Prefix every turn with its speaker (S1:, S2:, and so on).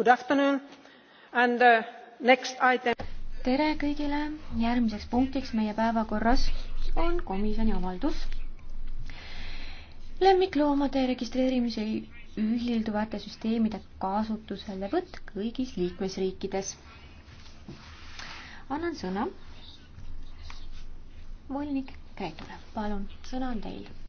S1: Uh,
S2: tere kõigile, järgmiseks punktiks meie päevakorras on komisjoni avaldus lemmikloomade registreerimise ühilduvate süsteemide kasutuselevõtt kõigis liikmesriikides. annan sõna
S3: volinik Gretule, palun, sõna on teil